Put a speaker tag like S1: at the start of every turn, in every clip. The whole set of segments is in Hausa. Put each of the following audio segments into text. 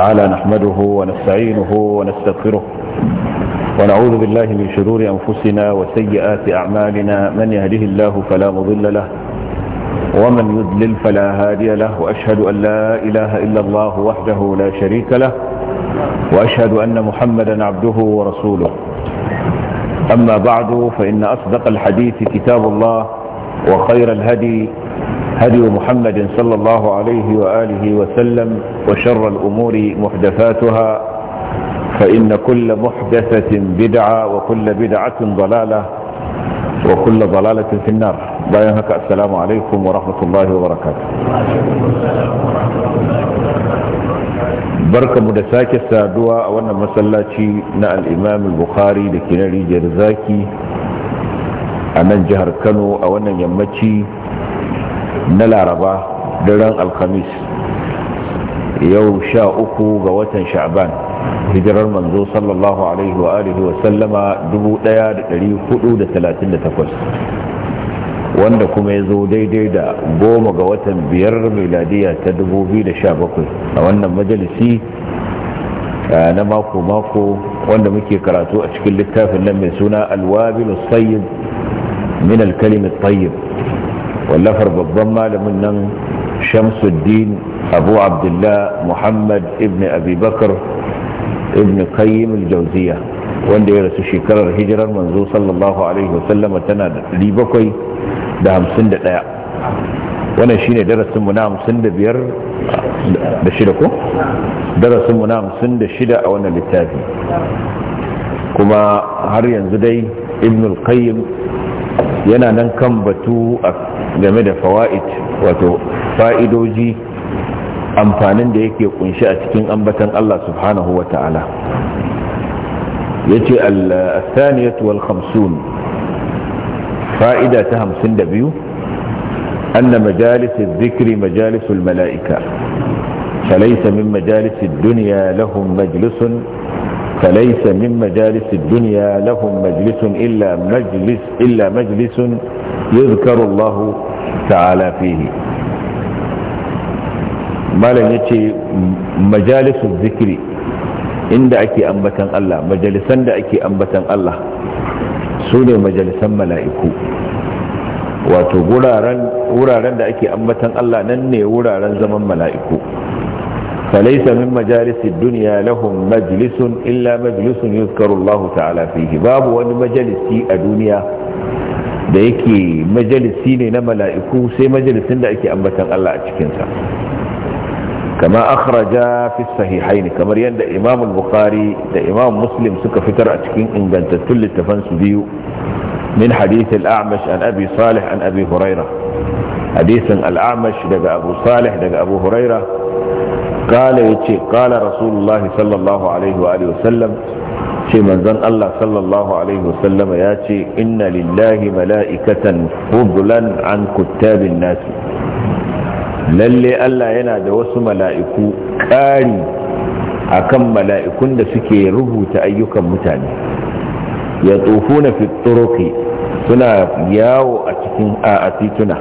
S1: تعالى نحمده ونستعينه ونستغفره ونعوذ بالله من شرور أنفسنا وسيئات أعمالنا من يهده الله فلا مضل له ومن يذلل فلا هادي له وأشهد أن لا إله إلا الله وحده لا شريك له وأشهد أن محمدا عبده ورسوله أما بعد فإن أصدق الحديث كتاب الله وخير الهدي هدي محمد صلى الله عليه وآله وسلم وشر الأمور محدثاتها فإن كل محدثة بدعة وكل بدعة ضلالة وكل ضلالة في النار باين السلام عليكم ورحمة الله وبركاته بركة مدساكي السادوة وانا مسلاتي نا الإمام البخاري لكي نريد أنا جهر nan أو أنا a na laraba daren alkhamis yau sha uku ga watan sha'ban hijirar manzo sallallahu alaihi wa alihi wa sallama 1438 wanda kuma ya zo daidai da goma ga watan biyar miladiya ta 2017 a wannan majalisi na mako-mako wanda muke karatu a cikin littafin nan mai suna alwabilu sayyid min alkalimin tsayyib wallafar babban malamin nan shamsuddin abu abdullah muhammad ibn abubakar ibn qayyim al-jawziya wanda ya rasu shekarar hijirar manzo sallallahu alaihi wasallama tana da 751 wannan shine darasin mu na 55 da shida ko darasin mu na 56 a wannan littafi kuma har yanzu dai ibn al-qayyim yana nan kan batu game da fawaid wato fa'idoji amfanin da yake kunshi a cikin ambatan Allah subhanahu wa ta'ala yace al-thaniyatu wal khamsun fa'ida ta 52 anna majalis adh-dhikri majalis al-mala'ika فليس من مجالس الدنيا لهم مجلس فليس من مجالس dunya lahum مجلس illa majlis illa مجلس يذكر Allahu ta'ala fihi malam ya ce majalisun zikiri inda ake ambatan Allah majalisan da ake ambatan Allah su ne majalisan mala'iku wato wuraren da ake ambatan Allah nan ne wuraren zaman mala'iku فليس من مجالس الدنيا لهم majalisun إلا مجلس يذكر ta'ala تعالى babu wani majalisi a duniya. da yake majalisi ne na mala'iku sai majalisin da ake ambatan Allah a cikinsa kama akhraja fi sahihain kamar yadda imam bukhari da imam muslim suka fitar a cikin ingantattun littafan su biyu min hadith al-a'mash an abi salih an abi huraira hadisin al-a'mash daga abu salih daga abu huraira قال yace قال رسول sallallahu alaihi wa عليه ce manzon Allah sallallahu alaihi wasallama ya ce inna lillahi mala'ikatan fudlan an kuttabin nasi lalle Allah yana da wasu mala'iku ƙari akan mala'ikun da suke rubuta ayyukan mutane ya na fi suna yawo a cikin a tituna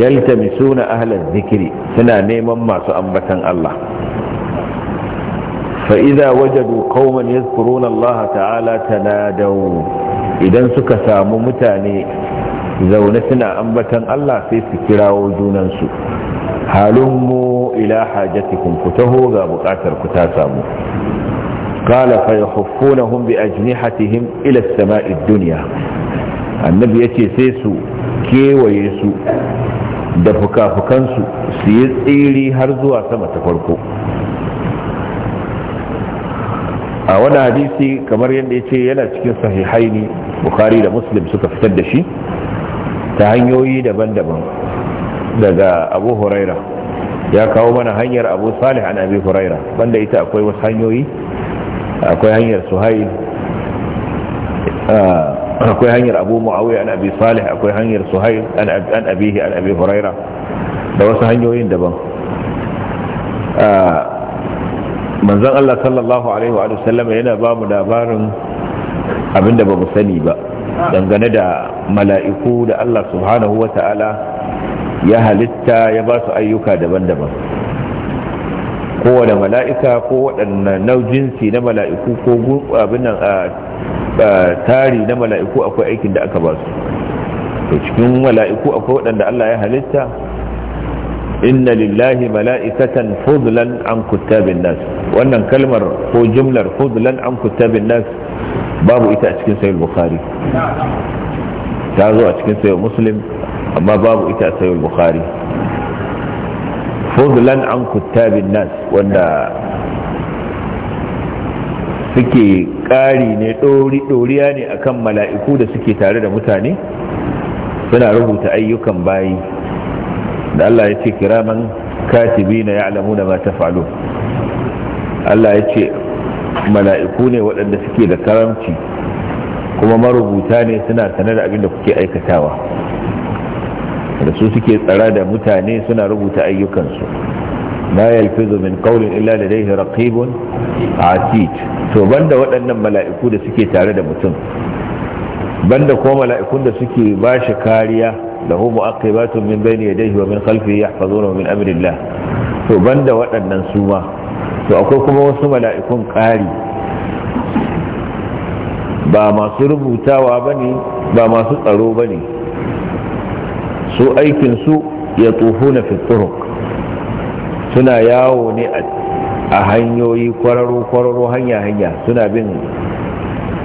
S1: yaltamisuna ahlaz zikiri suna neman masu ambatan Allah fa’iza wajadu kawman ya tsoron Allah ta’ala tanadau idan suka samu mutane zaune suna ambatan Allah sai su kirawo junansu halinmu ila hajjatikun ku taho ga bukatar ku ta samu kala fa yi hufuna hun bi ajini hatihim ilas sama’id duniya annabi ya ce sai su kewaye su da fuka-fukansu su tsiri har zuwa sama ta farko. a wani hadisi kamar yadda ya ce yana cikin sahihaini bukari da muslim suka fitar da shi ta hanyoyi daban-daban daga abu huraira ya kawo mana hanyar abu salih an Abu huraira banda ita akwai wasu hanyoyi akwai hanyar suhail akwai hanyar abu muawiya an Abu salih akwai hanyar suhail an abihi an Abu huraira da wasu hanyoyin daban manzon Allah sallallahu alaihi wa sallam yana ba mu labarin abinda ba mu sani ba dangane da mala'iku da Allah subhanahu wa ta'ala ya halitta ya ba su ayyuka daban-daban kowane mala'ika ko waɗannan naujinsi na mala'iku ko abin a tari na mala'iku akwai aikin da aka ba su to cikin mala'iku akwai waɗanda Allah ya halitta inna lillahi mala'ikatan fudlan an kuttabin nasu wannan kalmar ko jumlar fudlan an kutabin nas babu ita a cikin sayar bukhari ta zo a cikin sayar muslim amma babu ita a sayar bukhari fudlan an kutabin nas wanda suke ƙari ne ɗoriya ne akan mala'iku da suke tare da mutane suna rubuta ayyukan bayi da Allah ya ce kiraman katibi na ya alamu da ma ta falo Allah ya ce mala'iku ne waɗanda suke da karamci kuma marubuta ne suna sanar da abin da kuke aikatawa da su suke tsara da mutane suna rubuta ayyukansu ma yalfizu min qawlin illa dai raqibun atid to banda waɗannan mala'iku da suke tare da mutum banda kuma mala'ikun da suke ba shi kariya da lahu mu'aqibatun min bayni yadayhi wa min khalfihi yahfazunahu min amrillah to banda waɗannan su ma to akwai kuma wasu mala'ikun ƙari ba masu rubutawa ba ne ba masu tsaro ba ne su aikinsu ya tsoho na fituruk suna yawo ne a hanyoyi kwararo-kwararo hanya-hanya suna bin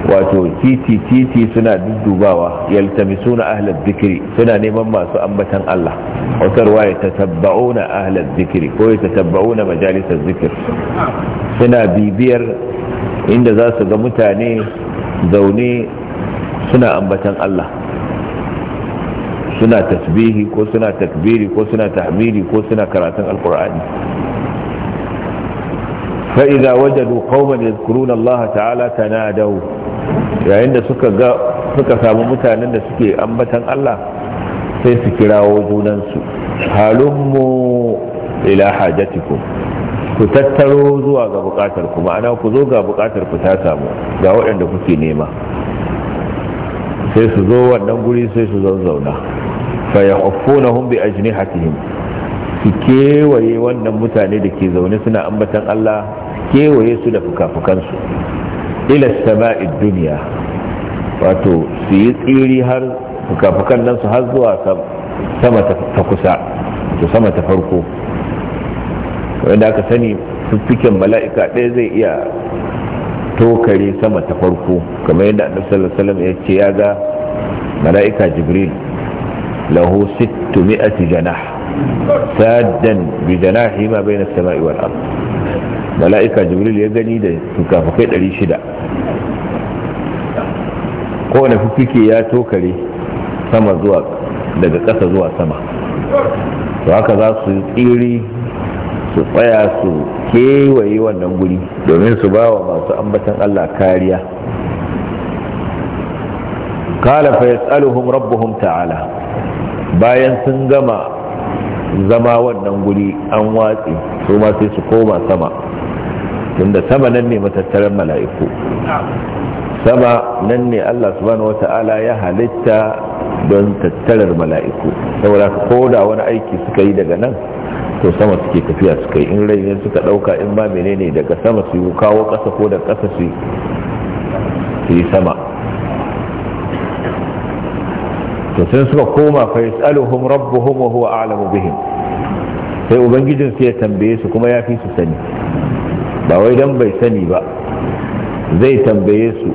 S1: wato titi titi suna duddubawa yaltamisuna ahlal zikiri suna neman masu ambatan Allah wata ruwaya tatabba'una ahlal zikri ko tatabba'una majalisar zikir suna bibiyar inda za su ga mutane zaune suna ambatan Allah suna tasbihi ko suna takbiri ko suna tahmidi ko suna karatun alkur'ani فإذا وجدوا قوما يذكرون الله تعالى تنادوا yayin da suka ga suka samu mutanen da suke ambatan Allah sai su kirawo junansu halummu ila hajatikum ku tattaro zuwa ga bukatar ku ma'ana ku zo ga bukatar ku ta samu ga waɗanda kuke nema sai su zo wannan guri sai su zauna fa yahuffunahum bi ajnihatihim su kewaye wannan mutane da ke zaune suna ambatan Allah kewaye su da fuka-fukansu ila sama'id duniya wato su yi tsiri har fukafukan nan su har zuwa sama ta kusa to sama ta farko wanda aka sani fiffiken mala'ika ɗaya zai iya tokare sama ta farko kamar yadda annabi sallallahu alaihi wasallam ya ce ya ga mala'ika jibril lahu 600 janah saddan bi janahi ma bayna as-sama'i wal ardh mala'ika jibril ya gani da fukafukai 600 kowane fuffuke ya tokare sama zuwa daga ƙasa zuwa sama to haka za su tsiri su tsaya su kewaye wannan guri domin su ba wa masu ambatan allah kariya kala fa yas'aluhum rabbuhum ta'ala bayan sun gama zama wannan guri an watsi su ma sai su koma sama tunda sama nan ne matattaran mala'iku sama nan ne Allah subhanahu wata'ala ya halitta don tattarar mala'iku saboda ko da wani aiki suka yi daga nan to sama suke tafiya suka yi in rai ne suka ɗauka in ba mene ne daga sama su yi kawo kasa ko da kasa su yi sama to sun suka koma fa tsaluhun rabbuhun wa huwa a'lamu bihin sai ubangijin su ya tambaye su kuma ya fi su sani ba wai dan bai sani ba zai tambaye su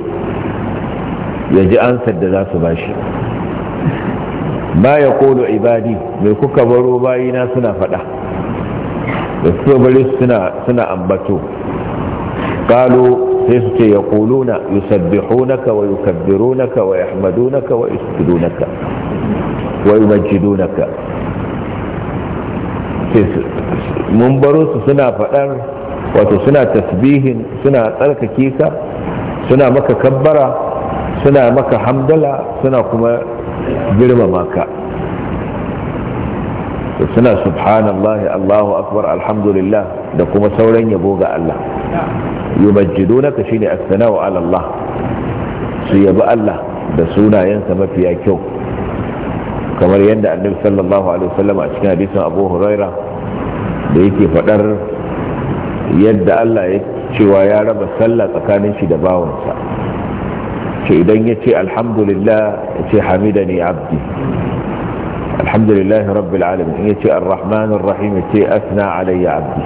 S1: ya ji ansar da za su ba shi. ba ya kodo ibadi mai kuka baro bayina suna fada da suka bari suna ambato kalo sai su ce ya kuluna yusabbihunaka wa yukabbirunaka wa yahmadunaka wa yasjudunaka wa yumajjidunaka mun baro su suna fadar wato suna tasbihin suna tsarkake ka suna maka kabbara suna maka hamdala suna kuma girmama ka suna subhanallahi allahu akbar alhamdulillah da kuma sauran yabo ga Allah yumajjidunaka shine as-sana'u ala Allah su yabi Allah da sunayensa mafiya kyau kamar yadda annabi sallallahu alaihi wasallam a cikin hadisin Abu Huraira da yake faɗar. yadda Allah ya cewa ya raba sallah tsakanin shi da bawansa ce idan ya ce alhamdulillah ya ce hamida ne abdi alhamdulillahi rabbi alamin in ya ce arrahmanir rahim ya ce asna alayya abdi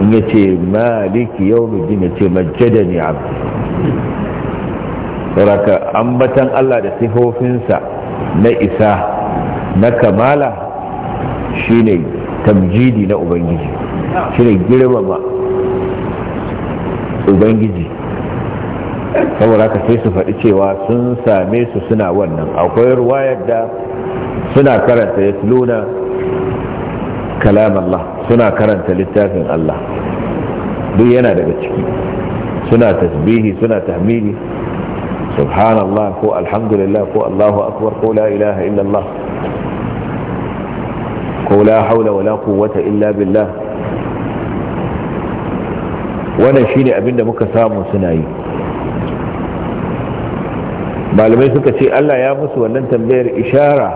S1: in ya ce maliki yawmiddin ya ce majjadani abdi saboda ambatan Allah da sifofinsa na isa na kamala shine tamjidi na ubangiji shi ne girmama ubangiji saboda haka sai su faɗi cewa sun same su suna wannan akwai ruwayar da suna karanta ya luna kalam Allah suna karanta littafin Allah duk yana daga ciki suna tasbihi suna tahmini, subhanallah ko alhamdulillah ko Allahu akbar ko la ilaha illallah ko la haula wala quwwata illa billah wannan shine abin da muka samu suna yi malamai suka ce Allah ya musu wannan tambayar ishara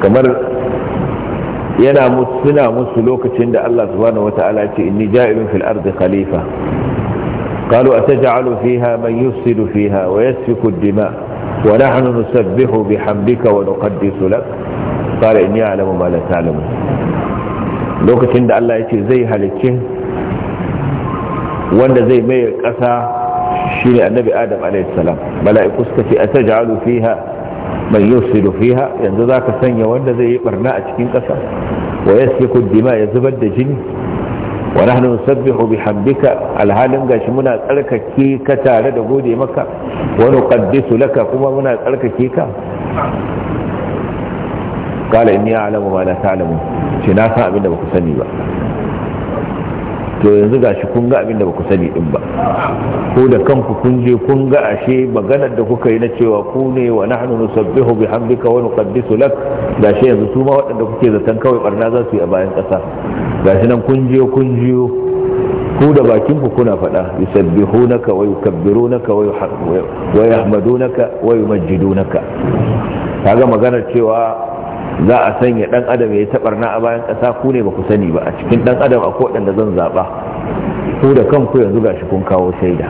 S1: kamar yana musu suna musu lokacin da Allah subhanahu wataala ce inni ja'ilun fil ardi khalifa قالوا أتجعل فيها من يفسد فيها ويسفك الدماء ونحن نسبح بحمدك ونقدس لك قال إني أعلم ما لا تعلم لوكتين دا الله يتي زي هالكين wanda zai mai ƙasa shi ne annabi adam alaihissalam mala'iku suka ce a tajalu fiha mai yusidu fiha yanzu za ka sanya wanda zai yi barna a cikin ƙasa wa yasfiku dima ya zubar da jini wa nahnu nusabbihu hambika alhalin gashi muna tsarkake ka tare da gode maka wa nuqaddisu laka kuma muna tsarkake ka qala inni a'lamu ma ta ta'lamu ce na san abin da baku sani ba to yanzu ga shi kun ga abin da ba ku sani din ba ko da kanku kun je kun ga ashe maganar da kuka yi na cewa ku ne wa nahnu nusabbihu bihamdika wa nuqaddisu lak shi yanzu su ma waɗanda kuke zaton kawai barna za su yi a bayan ƙasa shi nan kun je kun jiyo ku da bakin ku kuna faɗa yusabbihunaka wa yukabbirunaka wa yahmadunaka wa yumajjidunaka kaga maganar cewa za a sanya dan adam ya yi tabarna a bayan kasa ku ne ba ku sani ba a cikin dan adam a waɗanda zan zaɓa ku da kanku yanzu gashi kun kawo shaida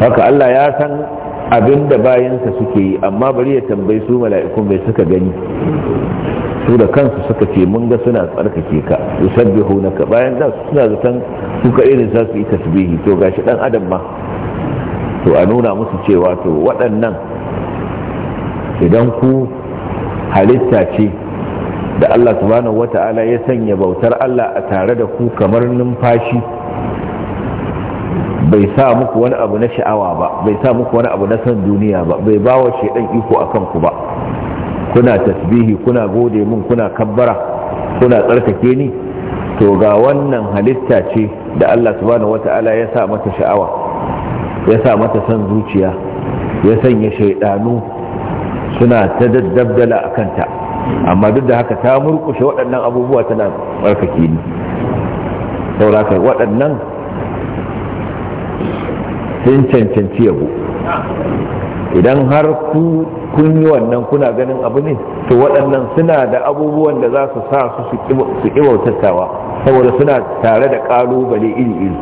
S1: haka Allah ya san abin da bayansa suke yi amma bari ya tambayi su mala'ikun bai suka gani su da kansu suka ce mun ga suna tsarkake ka yusabbihu naka bayan da suna zaton su ka irin za su yi tasbihi to gashi dan adam ma to a nuna musu cewa to waɗannan idan ku halitta ce da Allah subhanahu wata'ala ya sanya bautar Allah a tare da ku kamar numfashi bai sa muku wani abu na sha'awa ba bai sa muku wani abu na san duniya ba bai ba wa shaidan iko a kanku ba kuna tasbihi kuna gode mun kuna kabbara kuna tsarkake ni to ga wannan halitta ce da Allah subhanahu wata'ala ya sa mata sha'awa ya sa mata san zuciya ya sanya shaidanu suna ta daddabdala a kanta amma duk da haka ta murkushe waɗannan abubuwa tana barkake ni sauraka waɗannan sun cancanci yabo idan har ku kun yi wannan kuna ganin abu ne to waɗannan suna da abubuwan da za su sa su su bautattawa saboda suna tare da ƙalubale iri-iri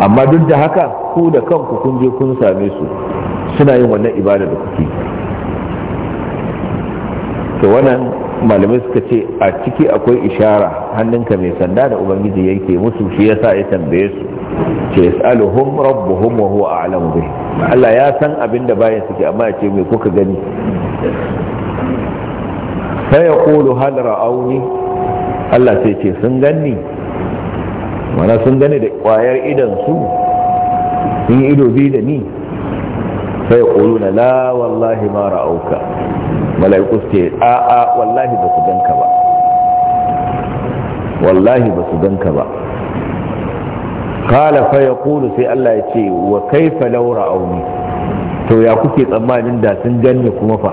S1: amma duk da haka ku da kanku kun je kun same su suna yin wannan ibada da kuke to wannan malamai suka ce a ciki akwai ishara hannunka mai sanda da ubangiji yake musu shi yasa ya tambaye su ce yas'aluhum rabbuhum wa huwa a'lamu bih Allah ya san abin da bayan suke amma ya ce me kuka gani sai ya kulu hal ra'auni Allah sai ce sun ganni mana sun gani da kwayar idan su sun yi ido biyu da ni sai quluna la wallahi ma ra'auka mala'iku ce a a wallahi ba su ganka ba wallahi ba su ganka ba qala fa yaqulu sai Allah ya ce wa kaifa laura auni. to ya kuke tsammanin da sun ganni kuma fa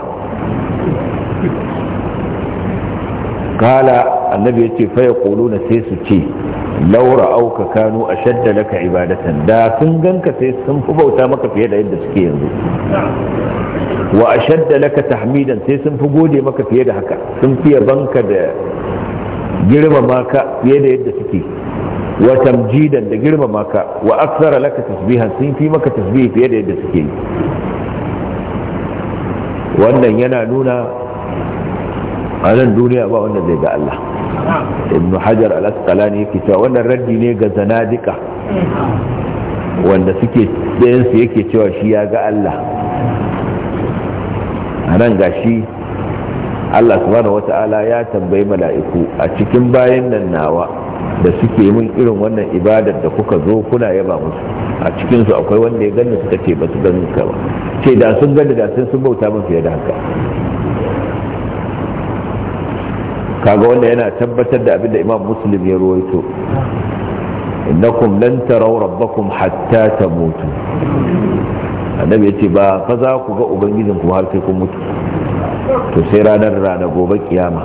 S1: Kala annabi ya ce fa yaquluna sai su ce laura auka kanu a shadda laka ibadatan da sun ganka sai sun fi bauta maka fiye da yadda suke yanzu wa a shadda laka tahmidan sai sun fi gode maka fiye da haka sun fi banka da girmama ka fiye da yadda suke wa tamjidan da girmama ka wa aksara laka tasbihan sun fi maka tasbihi fiye da yadda suke wannan yana nuna a nan duniya ba wanda zai ga Allah ibn hajar al-asqalani yake cewa wannan raddi ne ga zanadika wanda suke yake cewa shi ya ga Allah a nan ga shi Allah subhanahu wata'ala ya tambayi mala'iku a cikin bayan nan nawa da suke min irin wannan ibadar da kuka zo kuna yaba musu a cikinsu akwai wanda ya gani suka ce ba su ganin ka ba ce da sun gani da sun sun bauta min fiye da haka kaga wanda yana tabbatar da abinda imam muslim ya ruwaito innakum lan taraw rabbakum hatta tamutu annabi yace ba fa za ku ga ubangijin ku har sai kun mutu to sai ranar ranar gobe kiyama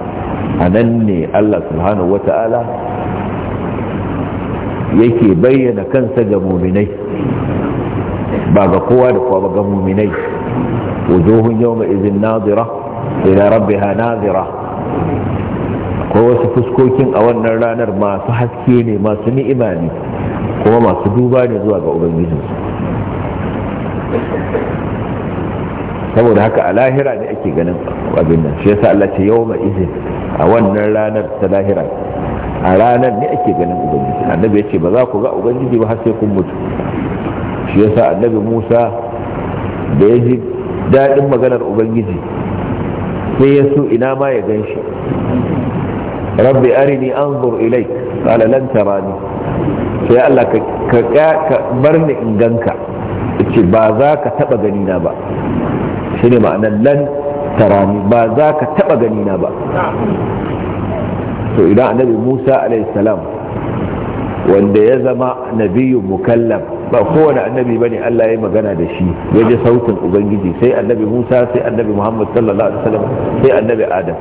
S1: anan ne Allah subhanahu wataala yake bayyana kansa ga muminai ba ga kowa da kowa ba ga muminai wujuhun yawma idhin nadira ila rabbiha nadira ko wasu fuskokin a wannan ranar masu haske ne masu ni'ima ne kuma masu duba ne zuwa ga Ubangiji. saboda haka a lahira ne ake ganin abin nan shi yasa Allah ce yawma izin a wannan ranar ta lahira a ranar ne ake ganin ubangiji annabi ya ce ba za ku ga ubangiji ba har sai kun mutu shi yasa annabi Musa da ya ji daɗin maganar ubangiji sai ya so ina ma ya gan shi rabbi arini anzur ilai qala lan tarani sai Allah ka bar ni in ganka ce ba za ka taba gani na ba shine ma'anar lan tarani ba za ka taba gani na ba to idan annabi Musa alaihi salam wanda ya zama nabiyyu mukallaf ba kowane annabi bane Allah ya magana da shi ya ji sautin ubangiji sai annabi Musa sai annabi Muhammad sallallahu alaihi wasallam sai annabi Adam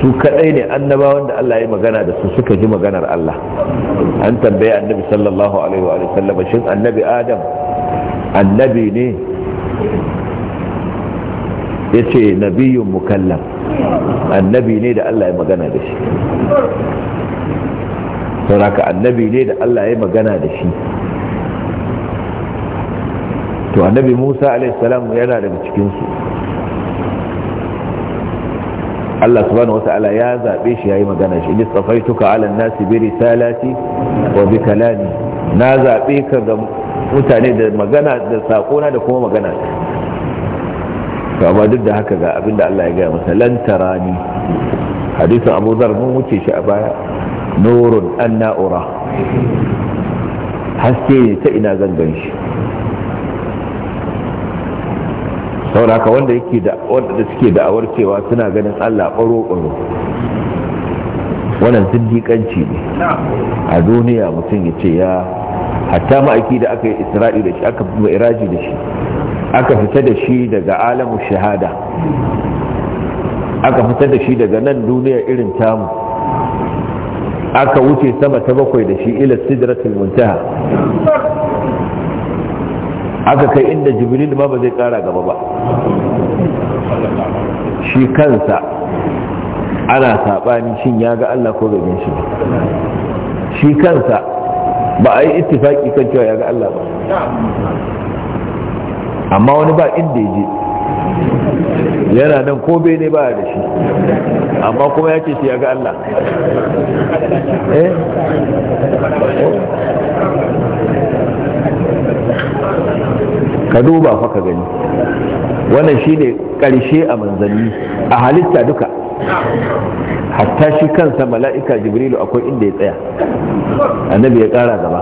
S1: su kadai ne annabawan da Allah ya magana da su suka ji maganar Allah an tambaye annabi sallallahu alaihi wa sallam shin annabi adam annabi ne Ya yace nabiyyun mukallam annabi ne da Allah ya magana da shi saboda annabi ne da Allah ya magana da shi to annabi Musa alaihi salam yana daga cikin su Allah subhanahu wata'ala ya zaɓe shi yayi magana shi idza ala nasi bi risalati wa bi kalami na zaɓe ka ga mutane da magana da sakona da kuma magana amma duk da haka ga abinda Allah ya gaya masa lan tarani hadisin Abu Zar mun wuce shi a baya nurun anna ura haske ta ina zan gan shi saboda wanda yake da wanda suke da'awar cewa suna ganin Allah ƙoro ƙoro wannan zindiƙanci ne a duniya mutum ya ce ya hatta ma'aiki da aka yi isra'i da shi aka fi ma'iraji da shi aka fita da shi daga alamun shahada aka fita da shi daga nan duniya irin tamu aka wuce sama ta bakwai da shi ila sidratul muntaha aka kai inda jibril ma ba zai kara gaba ba shi kansa ana saɓani shin ya ga Allah ko gabin shi shi kansa ba a yi ittifaki kan cewa ya ga Allah ba amma wani ba inda ya je yana nan ko bai ne ba da shi amma kuma ya ce shi ya ga Allah eh ka duba fa ka gani wannan shine karshe a manzanni a halitta duka hatta shi kansa mala'ika jibrilu akwai inda ya tsaya annabi ya kara gaba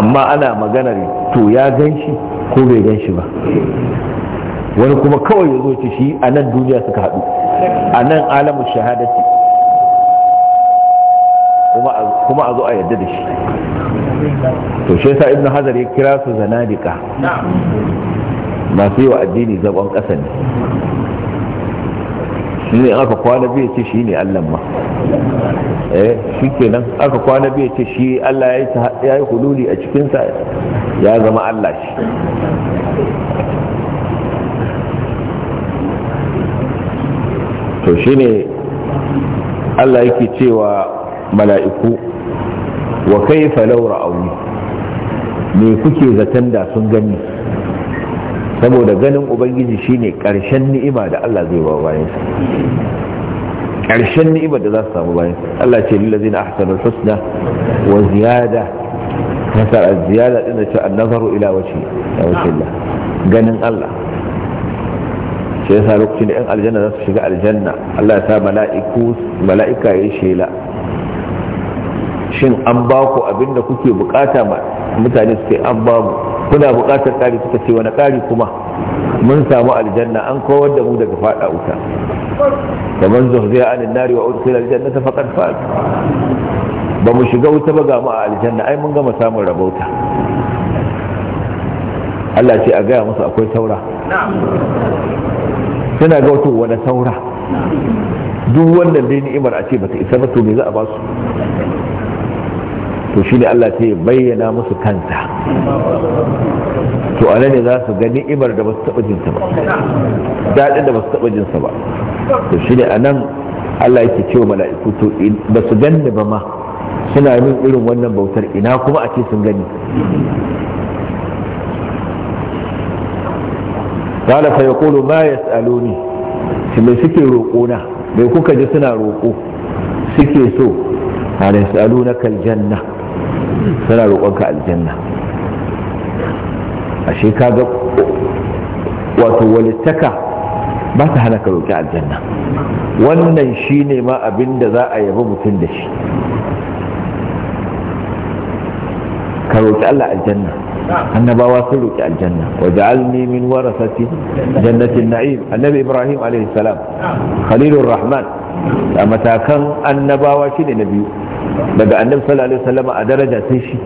S1: amma ana maganar to ya ganshi ko bai ganshi ba wani kuma kawai ya zo ci shi a nan duniya suka haɗu a nan alamun shahadati kuma a zo a yadda da shi to shi yasa ibnu hazar ya kira su zanadika masu yi wa addini zagon ƙasa ne shi ne aka kwana biya ce shi ne allan ma eh shi nan aka kwana biya ce shi allah ya yi hululi a cikinsa ya zama allah shi to shi ne allah yake cewa mala'iku wa kaifa law auni, me kuke zaton da sun gani saboda ganin ubangiji shine karshen ni'ima da Allah zai ba bayan sa karshen ni'ima da za su samu bayan Allah ce lil ladina ahsanu husna wa ziyada nasar ziyada din ce an-nazaru ila wajhi Allah ganin Allah shi yasa lokacin da yan aljanna za su shiga aljanna Allah ya sa mala'iku mala'ika yayi shela shin an ba ku abin da kuke bukata ba mutane su ce an ba mu kuna bukatar kari suka ce wani kari kuma mun samu aljanna an kowar da mu daga fada wuta da man zuhziya an nari wa udkhila aljanna ta faqad faz ba mu shiga wuta ba ga mu a aljanna ai mun gama samun rabauta
S2: Allah ce a gaya
S1: musu akwai saura suna ga wato wani saura duk wannan dai ni'imar a ce ba ta isa ba to me za a ba su to shi ne Allah sai bayyana musu kansa to anan ne za su gani ni'imar da ba su taɓa jinsa
S2: ba
S1: daɗin da ba su taɓa jinsa ba to shi ne a nan Allah yake cewa mala'iku to ba su ganni ba ma suna yin irin wannan bautar ina kuma a ce sun gani قال فيقول ما يسألوني me suke roƙona me kuka ji suna roƙo suke so a nasalu na janna. suna roƙonka aljanna a ashe kaga wato walittaka ba ta hana ka roƙi aljanna wannan shi ne ma abin da za a yaba mutum da shi ka roƙi Allah aljanna annabawa sun roƙi aljanna wa ja'alni min warasati jannatin na'im annabi ibrahim alaihi salam khalilur rahman a matakan annabawa shine na biyu daga annabi sallallahu alaihi wasallam a daraja sai shi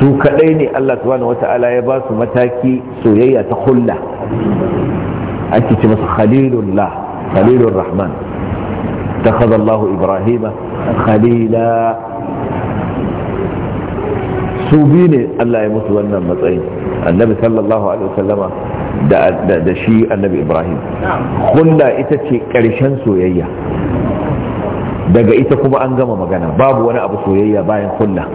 S1: su kadai ne Allah subhanahu wata'ala ya ba su mataki soyayya ta hulla ake ce masa khalilullah khalilur rahman اتخذ الله ابراهيم خليلا su biyu ne Allah ya mutu wannan matsayin annabi sallallahu alaihi wasallama da shi annabi ibrahim hulla ita ce ƙarshen soyayya daga ita kuma an gama magana babu wani abu soyayya bayan kulla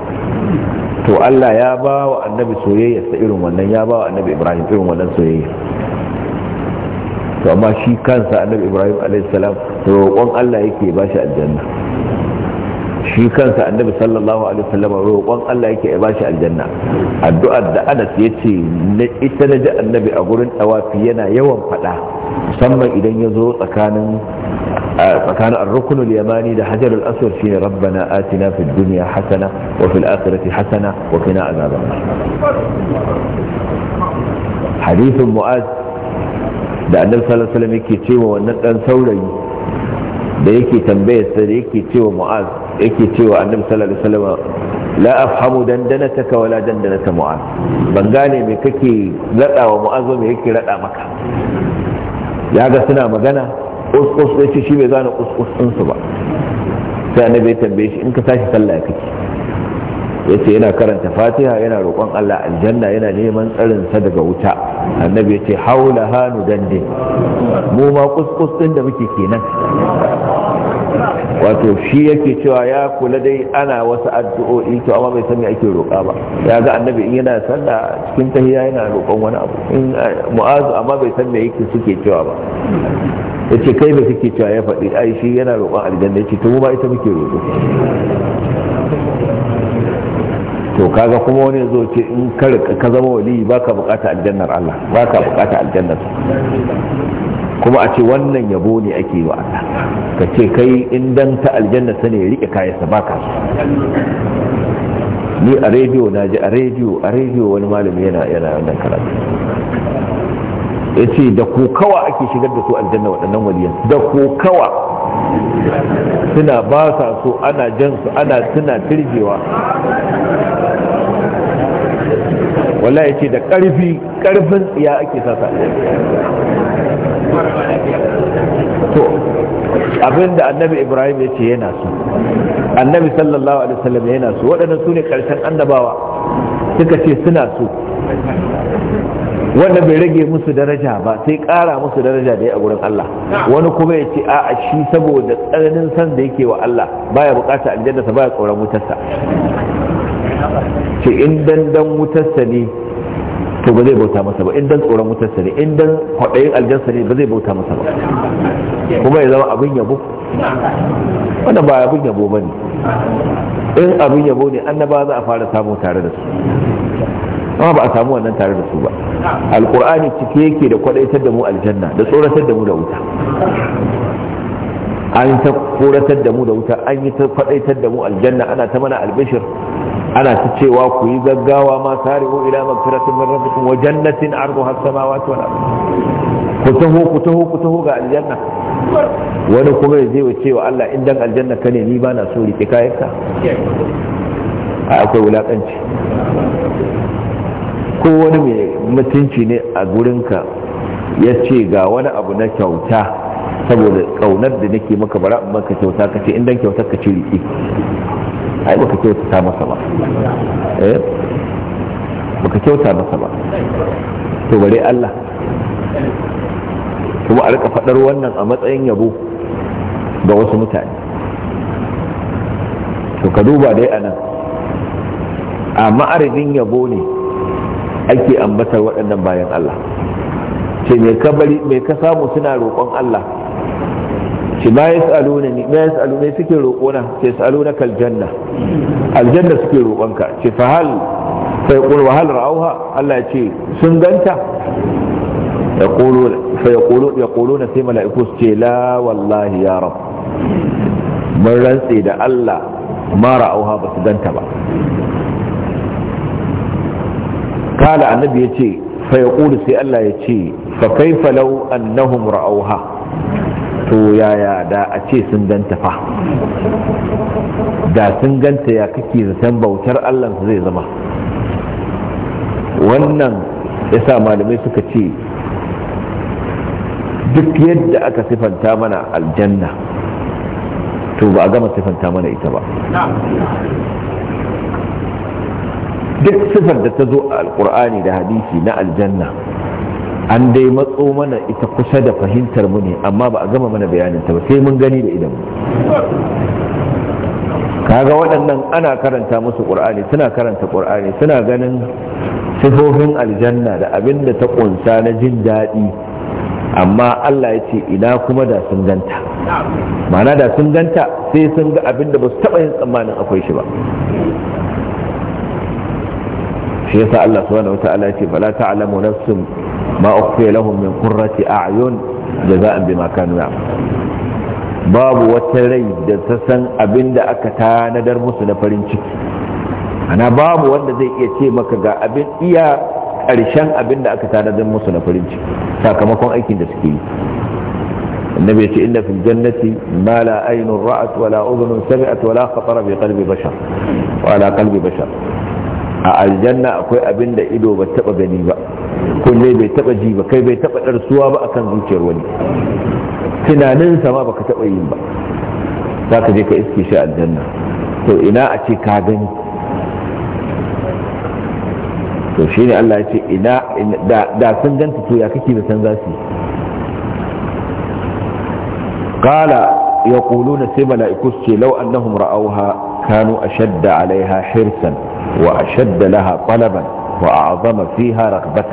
S1: to Allah ya ba wa annabi soyayya ta irin wannan ya ba wa annabi Ibrahim irin wannan soyayya to amma shi kansa annabi Ibrahim alaihi salam roƙon Allah yake ba shi aljanna shi kansa annabi sallallahu alaihi wasallam roƙon Allah yake ya bashi aljanna addu'ar da Anas yace ita da annabi a gurin tawafi yana yawan fada musamman idan ya zo tsakanin tsakanin ar-rukunul yamani da hajarul aswad shine rabbana atina fid dunya hasana wa fil akhirati hasana wa qina azaban hadithun mu'az da annabi sallallahu alaihi wasallam yake cewa wannan dan saurayi da yake tambayar sa da yake cewa mu'az yake cewa annabi sallallahu alaihi wasallam la afhamu dandanataka wala dandanata mu'az ban gane me kake rada wa mu'az me yake rada maka ya ga suna magana uskus ya ce shi bai zana uskus ɗinsu ba sai annabi ya tambaye shi in ka tashi sallah ya kake ya ce yana karanta fatiha yana roƙon allah aljanna yana neman tsarinsa daga wuta annabi ya ce haula hannu dande mu ma kuskus ɗin da muke kenan wato shi yake cewa ya kula dai ana wasu addu'o'i to amma bai san me ake roƙa ba ya ga annabi in yana sallah cikin tahiyya yana roƙon wani abu in eh, mu'azu amma bai san me yake suke cewa ba yace kai me kike cewa ya faɗi ai shi yana roƙon aljanna yace to mu ba ita muke roƙo to kaga kuma wani zo ce in ka zama wali baka bukata aljannar Allah baka bukata aljannar kuma a ce wannan yabo ne ake yi wa Allah ka ce kai in dan ta aljanna sani ya rike kayansa baka su ni a rediyo na ji a rediyo a rediyo wani malami yana yana wannan karatu ya ce da kokawa ake shigar da su aljanna waɗannan waliyan da kokawa suna ba sa so ana jan su ana suna turjewa wala ya da karfi karfin ya ake sasa to abinda annabi ibrahim ya ce yana so annabi sallallahu alaihi wasallam yana so waɗannan su ne ƙarshen annabawa suka ce suna so wanda bai rage musu daraja ba sai kara musu daraja da ya a gurin Allah wani kuma ya ce a shi saboda tsananin san da yake wa Allah baya bukata aljanna sa baya tsoron wutarsa ce in dan dan wutarsa ne to ba zai bauta masa ba in dan tsoron wutarsa ne in dan kwaɗayin aljansa ne ba zai bauta masa ba kuma ya zama abin yabo wannan ba abin yabo ba ne in abin yabo ne annaba za a fara samu tare da su amma ba a samu wannan tare da su ba alkur'ani cike yake da kwadaitar da mu aljanna da tsoratar da mu da wuta an ta tsoratar da mu da wuta an yi ta kwadaitar da mu aljanna ana ta mana albishir ana ta cewa ku yi gaggawa ma ko ila magfiratin min rabbikum wa jannatin arduha as-samawati wal ardh ku taho ku taho ku taho ga aljanna wani kuma ya zai ce wa Allah in dan aljanna ka ne ni ba na so rike kayanka a akwai wulakanci ko wani mai mutunci ne a ka ya ce ga wani abu na kyauta saboda kaunar da nake maka bara in maka kyauta kace, in dan kyautar ka ci rike ai baka kyauta masa ba eh baka kyauta masa ba to bare Allah kuma a rika faɗar wannan a matsayin yabo ga wasu mutane to ka duba dai anan a ma'arifin yabo ne ake ambatar waɗannan bayan Allah ce mai ka samu suna roƙon Allah ce ma ya tsaluna ni ma ya tsaluna suke roƙona ce tsaluna kal janna aljanna suke roƙonka ce fa hal fa yaqulu wa Allah ya ce sun ganta yaqulu fa yaqulu yaquluna sai mala'iku su ce la wallahi ya rab mun rantse da Allah ma ra'awha ba su ganta ba kala annabi ya ce fa ya yaqulu sai Allah ya ce fa kaifa law annahum ra'awha to yaya da a ce sun ganta fa da sun ganta ya kake zaton bautar allah zai zama wannan yasa malamai suka ce duk yadda aka sifanta mana aljanna to ba a gama sifanta mana ita ba duk sifar da ta zo a alkur'ani da hadisi na aljanna an dai matso mana ita kusa da fahimtar mu ne amma ba a gama mana bayanin ta ba sai mun gani da idan kaga waɗannan ana karanta musu ƙur'ani suna karanta ƙur'ani suna ganin sifofin aljanna da abin da ta ƙunsa na jin daɗi amma Allah ya ce ina kuma da sun ganta mana da sun ganta sai sun ga abin da ba su taɓa yin tsammanin akwai shi ba shi yasa Allah subhanahu wata'ala ya ce fala ta'lamu nafsun ma ukhfiya lahum min qurrati a'yun jaza'an bima kanu ya'malun babu wata rai da ta san abin aka tanadar musu na farin ciki ana babu wanda zai iya ce maka ga abin iya ƙarshen abin aka tanadar musu na farin ciki sakamakon aikin da suke yi annabi ce inna fil jannati ma la a aljanna akwai abin da ido ba taba gani ba kunne bai taba ji ba kai bai taba ɗarsuwa ba akan zuciyar wani tunanin sama baka taba yin ba za ka je ka iske shi aljanna to ina a ce ka gani to shi ne Allah ya ce ina da sun ganta to ya kake da san za su qala yaquluna sai mala'ikus ce law annahum Kano, kanu ashadda alaiha hirsan وأشد لها طلبا وأعظم فيها رغبة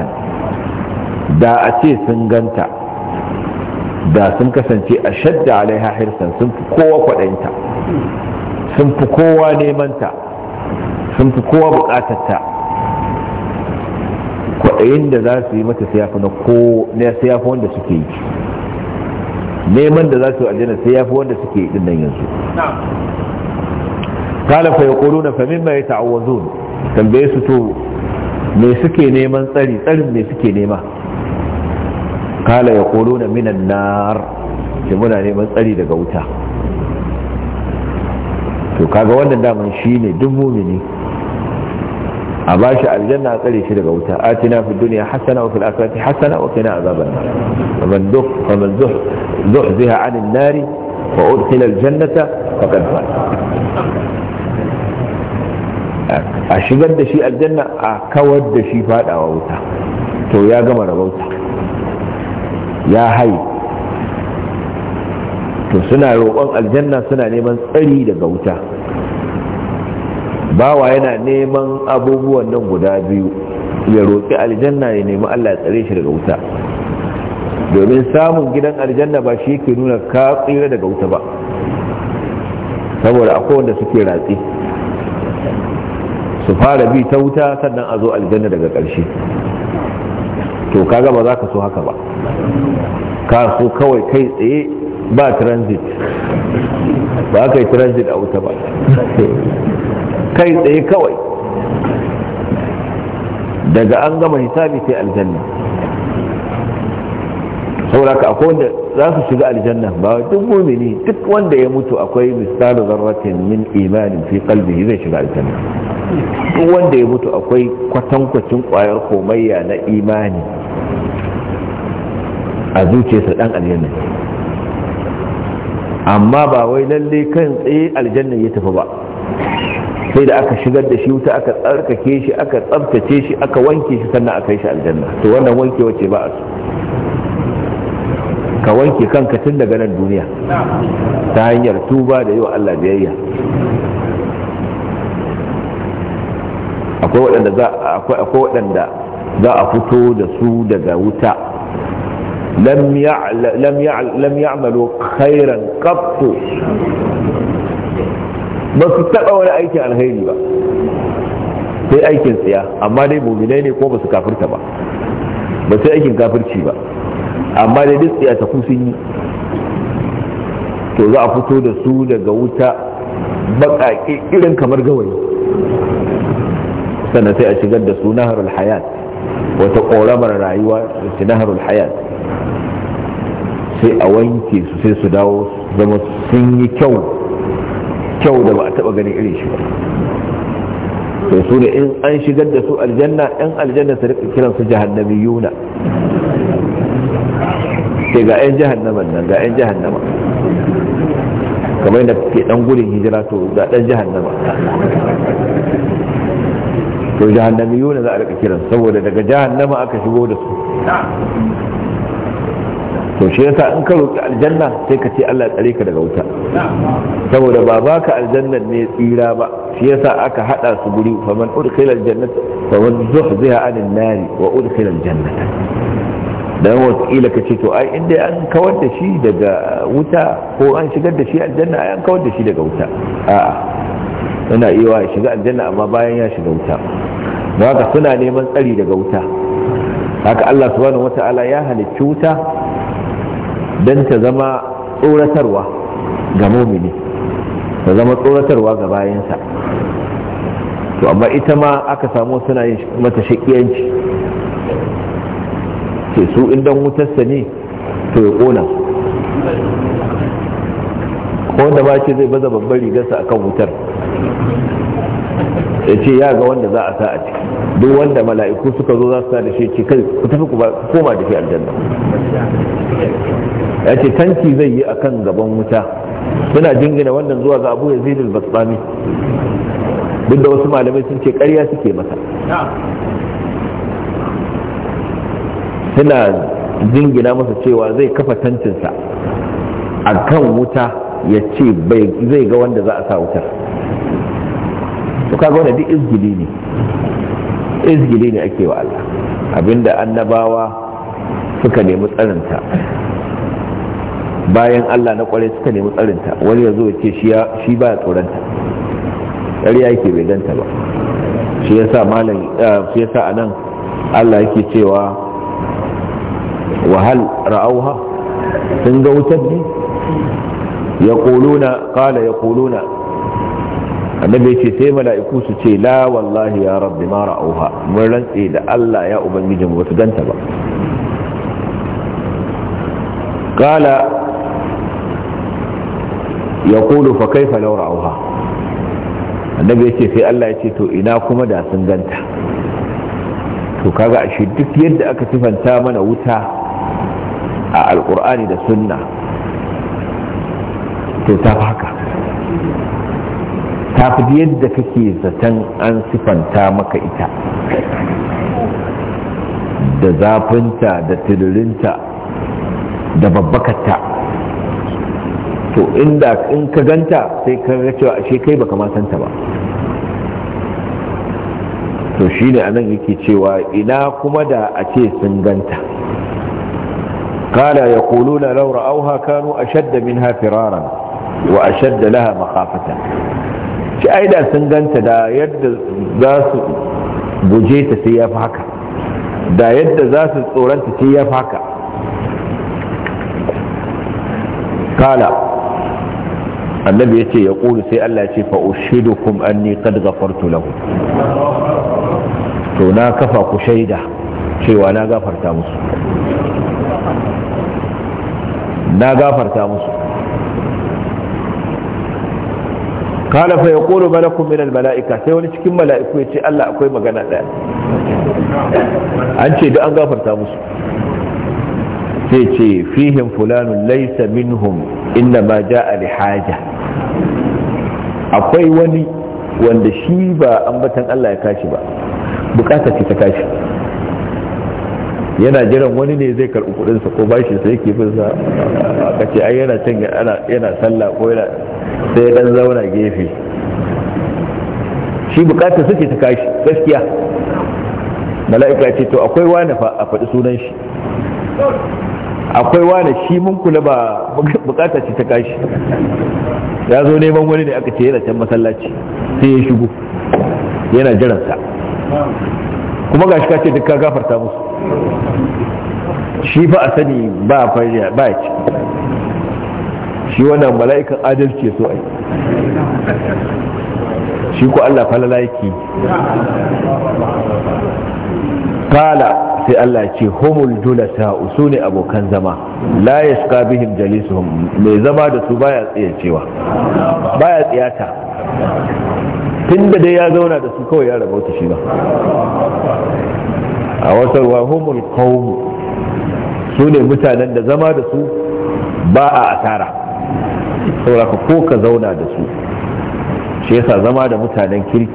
S1: دا أتي سنغنتا دا سنكسنتي أشد عليها حرصا سنفقوا فلنتا سنفقوا نيمنتا سنفقوا بقاتتا kwaɗayin da za su yi mata siyafi na ko wanda suke yi neman da za su yi aljanna siyafi wanda suke yi yanzu qala fa yaquluna fa mimma yata'awwazun tambaye su to me suke neman tsari tsarin me suke nema Kala yaquluna minan nar ke muna neman tsari daga wuta to kaga wannan daman shine duk mumini a bashi aljanna a tsare shi daga wuta atina fid dunya hasana wa fil akhirati hasana wa qina azaban nar faman dukh zuh zuhziha 'anil nar wa udkhila al jannata faqad a shigar da shi aljanna a kawar da shi fadawa wuta to ya gama rabauta ya hai to suna roƙon aljanna suna neman tsari daga wuta bawa yana neman abubuwan nan guda biyu ya roƙi aljanna ya nemi allah tsare shi daga wuta domin samun gidan aljanna ba shi yake nuna ka daga wuta ba saboda akwai wanda suke ratsi su fara bi ta wuta sannan a zo aljanna daga ƙarshe to ka gama za ka so haka ba ka so kawai kai tsaye ba transit ba ka yi transit a wuta ba kai tsaye kawai daga an gama hisabi sai aljanna sauraka akwai wanda za su shiga aljanna ba duk mumini duk wanda ya mutu akwai misalu zarratin min imanin fi qalbihi zai shiga aljanna duk wanda ya mutu akwai kwatankwacin kwayar komayya na imani a zuciyarsa dan aljanna amma ba wai lalle kan tsaye aljanna ya tafi ba sai da aka shigar da shi wuta aka tsarkake shi aka tsabtace shi aka wanke shi sannan aka yi shi aljanna to wannan wanke wace ba a su ka wanke kanka tun daga nan duniya ta hanyar tuba da yi wa Allah biyayya akwai waɗanda za a fito da su daga wuta lam ya'lam lam ya'malu khairan qattu ba su taɓa wani aikin alheri ba sai aikin tsiya amma dai muminai ne ko ba su kafirta ba ba sai aikin kafirci ba amma dai duk tsiya ta sun yi to za a fito da su daga wuta baƙaƙe irin kamar gawayi sannan sai a shigar da su naharul hayat wata ƙoramar rayuwa wacce naharul hayat sai a wanke su sai su dawo zama sun yi kyau kyau da ba a taɓa ganin irin shi ba to su ne in an shigar da su aljanna yan aljanna su rika kiran su jahannami yuna sai ga yan jahannaman nan ga yan jahannama kamar yadda ke dan gudun hijira to ga dan jahannama to jahannamiyu ne za a rika kiran saboda daga jahannama aka shigo da su to shi yasa in ka roki aljanna sai ka ce Allah tsare ka daga wuta saboda ba baka aljanna ne tsira ba shi yasa aka hada su guri faman udkhila aljannata faman zuhziha anin nari wa udkhila aljannata dan wataƙila ka ce to ai inda an kawar da shi daga wuta ko an shigar da shi aljanna ai an kawar da shi daga wuta a'a yana iya shiga aljanna amma bayan ya shiga wuta haka suna neman tsari daga wuta haka Allah subhanahu ta'ala ya halicci wuta don ta zama tsoratarwa ga mumini ta zama tsoratarwa ga bayansa to amma ita ma aka samu suna yin mata shakiyanci ce su indan wutarsa ne to ya kona ko wanda ba ce zai baza babbar rigarsa akan wutar ya ce ya ga wanda za a sa a ciki duk wanda mala'iku suka zo za su sa da shi ce kai ku tafi ku koma da shi aljanna
S2: ya ce tanti zai
S1: yi akan gaban wuta suna jingina wannan zuwa ga abu ya zai basbami duk da wasu malamai sun ce karya suke masa suna jingina masa cewa zai kafa tantinsa a kan wuta ya ce zai ga wanda za a sa wutar to kaga wanda duk izgili ne izgili ne ake wa Allah abinda annabawa suka nemi tsarinta bayan Allah na kware suka nemi tsarinta wani yazo ya ce shi ba ya tsoronta ƙarya yake bai danta ba shi yasa malam eh, shi yasa anan Allah yake cewa wahal ra'auha sun ga wutar ne ya kuluna kala ya kuluna annabi ce sai mala'iku su ce la wallahi ya rabbi ma ra'auha mun rantse da Allah ya ubangiji mu wasu ganta ba qala yaqulu fa kaifa law ra'auha annabi ce sai Allah ya ce to ina kuma da sun ganta to kaga ashe duk yadda aka sifanta mana wuta a alqur'ani da sunna to ta haka ta fi yadda kake zaton an sifanta maka ita da zafinta da tiririnta da babbakata to inda in ka ganta sai ka ga cewa ashe kai baka ma santa ba to shi ne anan yake cewa ina kuma da a ce sun ganta kala ya kulu na laura auha kanu a shadda min firaran wa a shadda laha makafata ci aida sun ganta da yadda za su guje ta sai ya fi haka da yadda za su tsoranta sai ya fi haka kala annabi ya ce ya ƙuri sai Allah ce fa ushidukum anni qad ghafartu lahu to na kafa ku shaida cewa na gafarta musu na gafarta musu kala fa ya kolo malakun minal mala'ika sai wani cikin mala'iku ya ce Allah akwai magana ɗaya an ce da an gafarta musu sai ce fihim fulanun laisa minhum inda ma ja'a li akwai wani wanda shi ba ambatan Allah ya kashi ba bukata ce ta kashi yana jiran wani ne zai karɓi sa ko bashi sai yake bin sa ka ce ai yana can yana sallah ko yana sai ya dan zauna gefe shi bukatar suke ta kashi gaskiya mala'ika ce to akwai wani fa a faɗi sunan shi akwai wani shi mun kula ba bukata ce ta kashi ya zo neman wani ne aka ce yana can masallaci sai ya shigo yana jiran sa kuma ga shi ka ce duk ka gafarta musu shi fa a sani ba a fariya ba ciki shi wannan mala'ikan adalci so ai shi ko Allah falala yake kala sai Allah ce humul julasa su ne abokan zama la yashqa bihim jalisuhum mai zama da su baya cewa baya tun da dai ya zauna da su kawai ya rabauta shi ba a wasu wa humul qawm su ne mutanen da zama da su ba a asara sauraka ko ka zauna da su shi yasa zama da mutanen kirki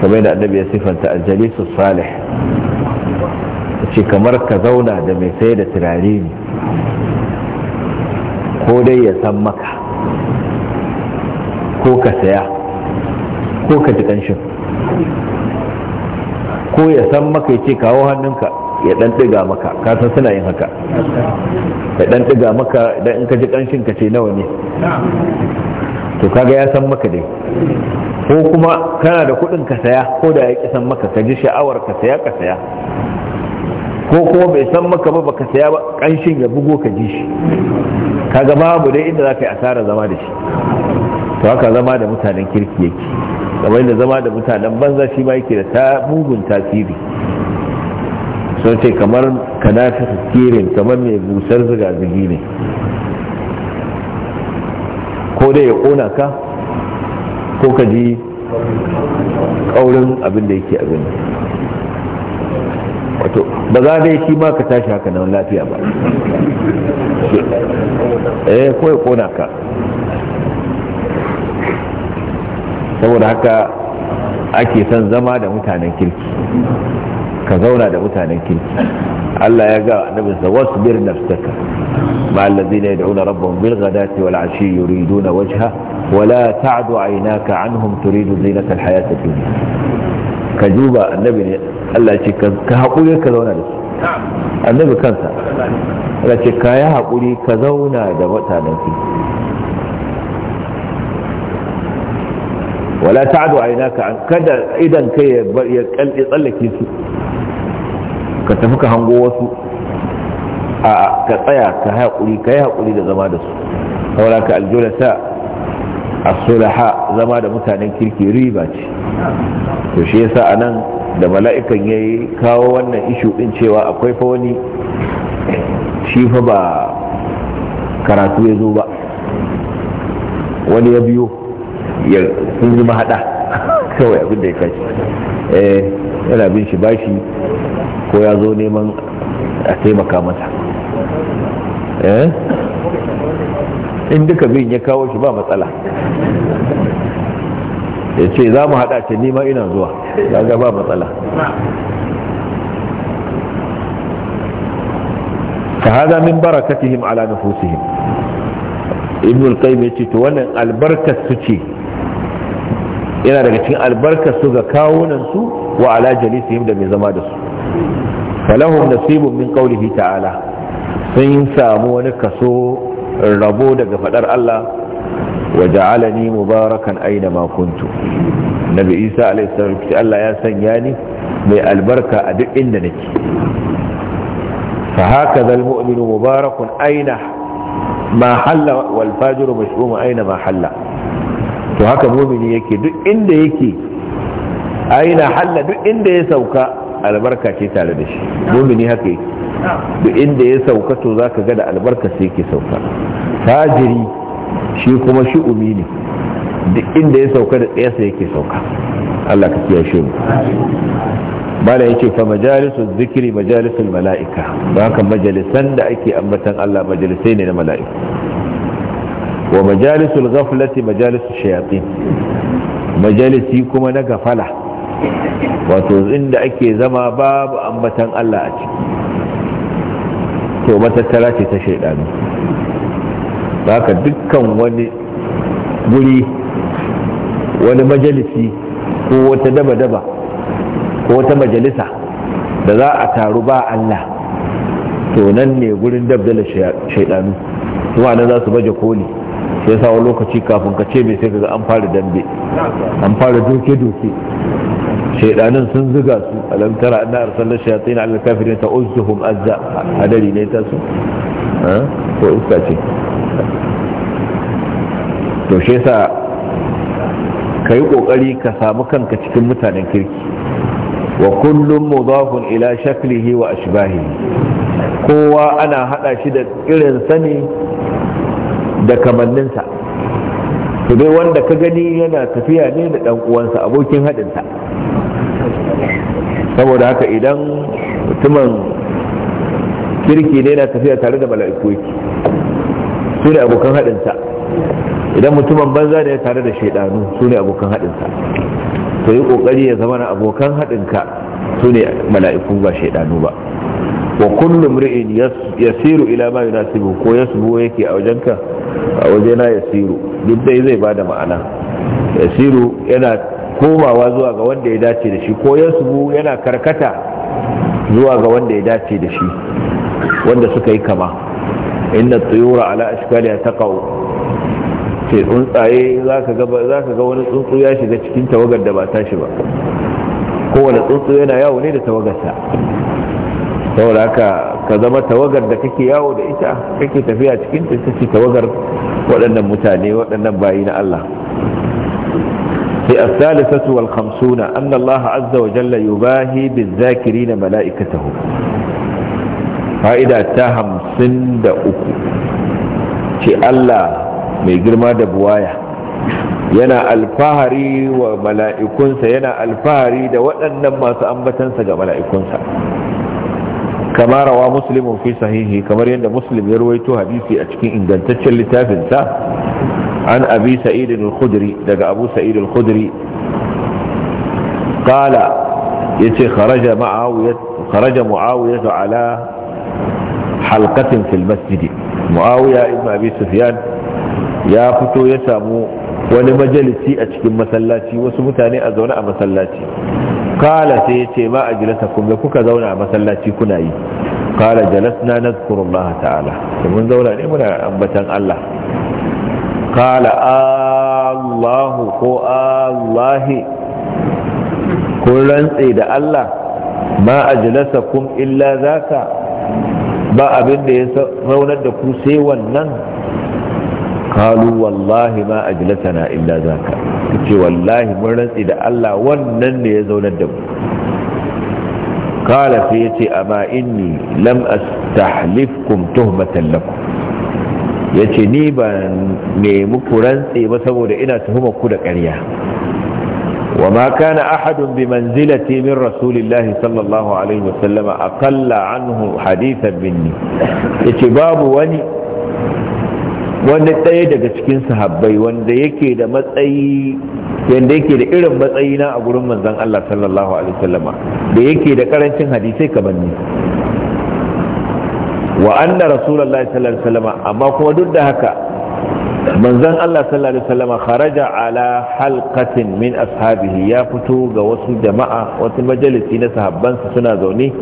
S1: kamar da annabi ya a aljalisu salih ce kamar ka zauna da mai sai da turare ne ko dai ya san maka ko ka saya ko ka ji ƙanshin, ko ya san maka ya ce kawo hannunka ya dan diga maka ka san suna yin haka ya dan diga maka dan in ka ji kanshin ka ce nawa ne to kaga ya san maka dai ko kuma kana da kudin ka saya ko da ya ki san maka ka ji sha'awar ka saya ka saya ko kuma bai san maka ba baka saya ba kanshin ya bugo ka ji shi kaga babu dai inda zaka yi asara zama da shi to haka zama da mutanen kirki yake kamar da zama da mutanen banza shi ma yake da ta mugun tasiri sun ce kamar kana ta kirin kamar mai busar zigazigi ne ko dai ya kona ka ko ka ji kaurin abin da yake abin wato ba za dai shi ma ka tashi haka nan lafiya ba eh ko ya kona ka saboda haka ake son zama da mutanen kirki ka zauna da mutanen kirki Allah ya ga annabinsa wasu bir nafsaka ma allazi ne da una rabban bil gadati wal ashi yuriduna wajha wala ta'du aynaka anhum turidu zinata al hayat ad dunya ka duba annabi Allah ya ce ka hakuri ka zauna da su annabi kansa ya ce ka yi da mutanen kirki wala ta'du aynaka an kada idan kai ya tsallake su ka tafi ka hango wasu a ka tsaya ka haƙuri ka yi haƙuri da zama da su saboda ka aljulasa a sulaha zama da mutanen kirki riba ce to shi yasa a nan da mala'ikan ya yi kawo wannan ishu din cewa akwai fa wani shi fa ba karatu ya zo ba wani ya biyo sun zama hada kawai abin da ya kashi eh, yana bin shi bashi ko ya zo neman a taimaka mata eh? in duka bin ya kawo shi ba matsala ya ce za mu haɗa ce nima ina zuwa ga ba matsala ta فهذا من بركتهم على نفوسهم ابن القيم ce to wannan albarkar su ce yana daga cikin albarkar su ga kawunan su wa ala jalisihim da mai zama da su falahum nasibun min qawlihi ta'ala sun samu wani kaso rabo daga fadar Allah wa ja'alani mubarakan aina ma kuntu nabi isa alaihi salam Allah ya sanya ni mai albarka a duk inda nake fa hakaza almu'minu mubarakun aina ma halla wal fajiru mash'um aina ma to haka mu'mini yake duk inda yake aina halla duk inda ya sauka albarka ce tare da shi mumini haka yake duk inda ya sauka to zaka ga da albarka sai yake sauka fajiri shi kuma shi umini duk inda ya sauka da tsayasa yake sauka Allah ka kiyaye shi bala yace fa majalisu zikiri majalisul malaika ba ka majalisan da ake ambatan Allah majalisai ne na mala'iku wa majalisul gaflati majalisul shayatin majalisi kuma na gafala
S2: wato inda
S1: ake zama babu ambatan Allah a ciki to matattara ce ta shaidani baka dukkan wani guri wani majalisi ko wata daba-daba ko wata majalisa da za a taru ba Allah to nan ne gurin dabdala shaidani kuma nan za su baje koli sai sa lokaci kafin ka ce mai sai ka ga an fara dambe an fara doke-doke shaidanin sun zuga su alam tara anna arsalna shayatin ala kafirin ta azza hadari ne ta su ko uska ce to shi yasa kai kokari ka samu kanka cikin mutanen kirki wa kullum mudafun ila shaklihi wa ashbahi kowa ana hada shi da irin sani da kamanninsa to dai wanda ka gani yana tafiya ne da dan uwansa abokin hadinsa saboda haka idan mutumin kirki ne na tafiya tare da mala'iku su ne abokan haɗinsa idan mutumin banza ne tare da shaidanu su ne abokan haɗinsa to yi ƙoƙari ya zama na abokan haɗinka su ne mala'iku ba shaidanu ba wa kullum ri'in yasiru ila ma sibu ko sibu yake a wajenka a wajena yasiru duk dai zai bada ma'ana yasiru yana komawa zuwa ga wanda ya dace da shi ko yasbu yana karkata zuwa ga wanda ya dace da shi wanda suka yi kama inna tsayura ala ashkali ya taqaw sai tsuntsaye zaka ga zaka ga wani tsuntsu ya shiga cikin tawagar da ba ta shi ba kowane tsuntsu yana yawo ne da tawagarsa saboda haka ka zama tawagar da kake yawo da ita kake tafiya cikin ta tawagar waɗannan mutane waɗannan bayi na Allah في الثالثة والخمسون أن الله عز وجل يباهي بالذاكرين ملائكته فإذا تهم سند أكو شيء الله ميقرما دبوايا yana alfahari wa mala'ikunsa yana alfahari da waɗannan masu ambatansa ga mala'ikunsa kama rawa muslimun fi sahihi kamar yadda muslim ya ruwaito hadisi a cikin ingantaccen littafinsa an abi sa'id al daga abu sa'id al-khudri qala yace kharaja ma'awiyah ala halqatin fil masjid muawiya ibn abi sufyan ya fito ya samu wani majalisi a cikin masallaci wasu mutane a zaune a masallaci kala sai ya ce ma a jilasa kuma kuka zauna a masallaci kuna yi kala jalas na Allah ta'ala mun zauna ne muna ambatan Allah kala allahu ko allahi kun rantse da allah ma ajlasa kum illa zaka ba abin da ya zaunar da ku sai wannan kalu wallahi ma ajlasana illa za Ka ce wallahi mun rantsi da Allah wannan ne ya zaunar da mu kala sai yace amma inni lam astahlifkum tuhmatan lakum ya ce ni ba me muku rantse ba saboda ina tuhumar ku da ƙarya wa ma kana ahadun bi manzilati min rasulillahi sallallahu alaihi sallama aqalla anhu hadithan minni yace babu wani wanda ɗaya daga cikin sahabbai wanda yake da matsayi yanda yake da irin matsayina a gurin manzon Allah sallallahu alaihi sallama. da yake da karancin hadisai kamar ni wa anna rasulullahi sallallahu alaihi wasallam amma kuma duk da haka manzon Allah sallallahu alaihi wasallam kharaja ala halqatin min ashabihi ya fito ga wasu jama'a wasu majalisi na sahabbansa suna zaune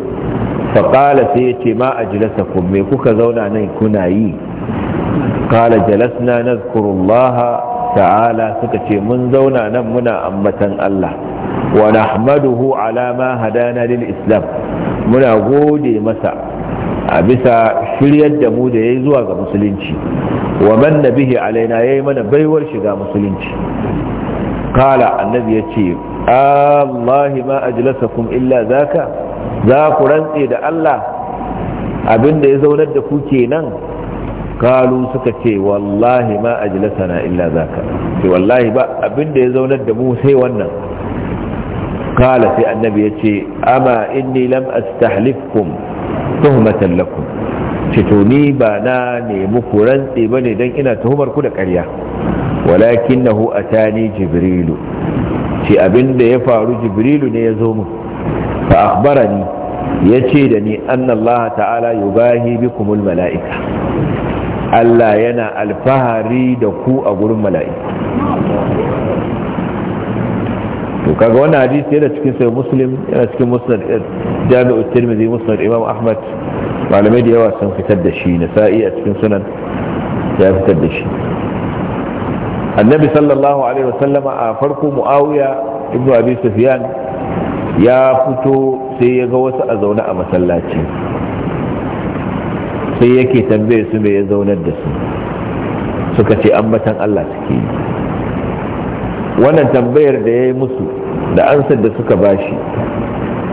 S1: fa qala sai yace ma ajlasakum me kuka zauna nan kuna yi qala jalasna nadhkurullaha ta'ala suka ce mun zauna nan muna ambatan Allah wa nahmaduhu ala ma hadana lil islam muna gode masa a bisa shiryar da mu da ya yi zuwa ga musulunci wa man bihi alaina ya yi mana baiwar shiga musulunci kala annabi ya ce allahi ma kum illa zaka za ku rantse da allah abin da ya zaunar da ku kenan kalu suka ce wallahi ma ajlasana illa zaka ce wallahi ba abin da ya zaunar da mu sai wannan kala sai annabi ya ce amma inni lam astahlifkum tuhmatan lakum ce to ni ba na nemi ku rantse bane dan ina tuhumar ku da ƙarya walakinahu atani jibrilu ce abinda ya faru jibrilu ne ya zo mu fa akhbarani yace da ni anna ta'ala yubahi bikumul mala'ika Allah yana alfahari da ku a gurin mala'ika to kaga wannan hadisi yana cikin sai muslim yana cikin musnad eh, jami'u tirmidhi musnad imam ahmad malamai da yawa sun fitar da shi nasa'i a cikin sunan ya fitar da shi annabi sallallahu alaihi wasallama a farko muawiya ibnu abi sufyan ya fito sai ya ga wasu a zaune a masallaci sai yake tambaye su me ya zaunar da su suka ce ambatan Allah suke yi wannan tambayar da ya yi musu da ansar da suka bashi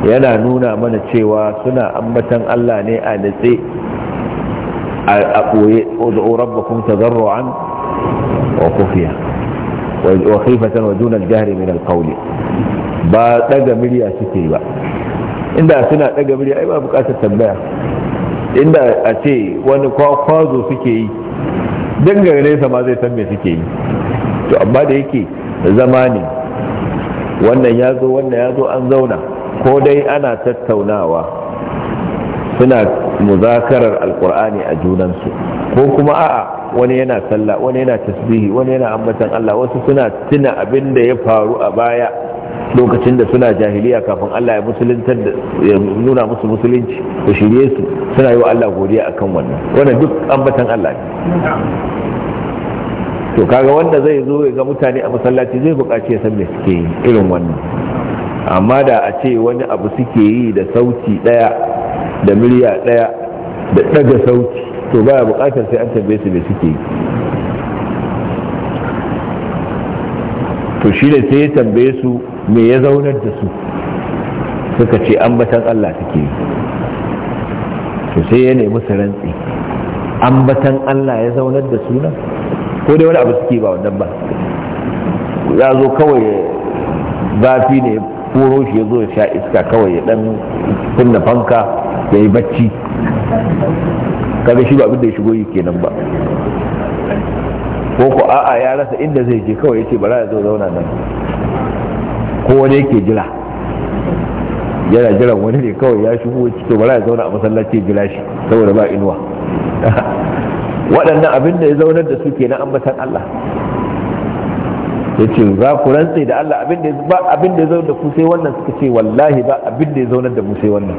S1: yana nuna mana cewa suna ambatan Allah ne a natse a ɓoye ƙudu rabbakum tazarru'an wa kufiya wa khifatan wa dunal jahri min alqawli ba daga miliya suke ba inda suna daga miliya ai ba bukatar tambaya inda a ce wani kwakwazo suke yi dangane nesa ma zai san me suke yi to amma da yake zama ne wannan ya zo wannan ya zo an zauna ko dai ana tattaunawa suna muzakarar alkur'ani a junansu ko kuma a'a wani yana sallah wani yana tasbihi wani yana ambatan Allah wasu suna tuna abin da ya faru a baya lokacin da suna jahiliya kafin Allah ya ya nuna musu musulunci da shirye su suna yi wa Allah godiya akan wannan wannan duk ambatan Allah
S2: ne
S1: to kaga wanda zai zo ya ga mutane a masallaci zai buƙaci ya san me suke yi irin wannan amma da a ce wani abu suke yi da sauti daya da miliya daya da daga sauti to ba ya buƙatar sai an tambaye su me suke yi to shi ne sai ya tambaye su me ya zaunar da su suka ce ambatan Allah suke yi to sai ya nemi su rantsi ambatan Allah ya zaunar da su nan ko dai wani abu suke ba wannan ba ya zo kawai zafi ne furo shi ya zo ya sha iska kawai ya dan kunna fanka ya yi bacci kaga shi ba abin da ya shigo yi kenan ba ko ko a'a ya rasa inda zai je kawai ya ce bara ya zo zauna nan ko wani yake jira yana jiran wani ne kawai ya shigo ya ce bara ya zauna a masallaci jira shi saboda ba inuwa waɗannan abin da ya zaunar da su ke na ambatan Allah ya ce za ku rantse da Allah abin da ya zaunar da ku sai wannan suka ce wallahi ba abin da ya zaunar da mu sai wannan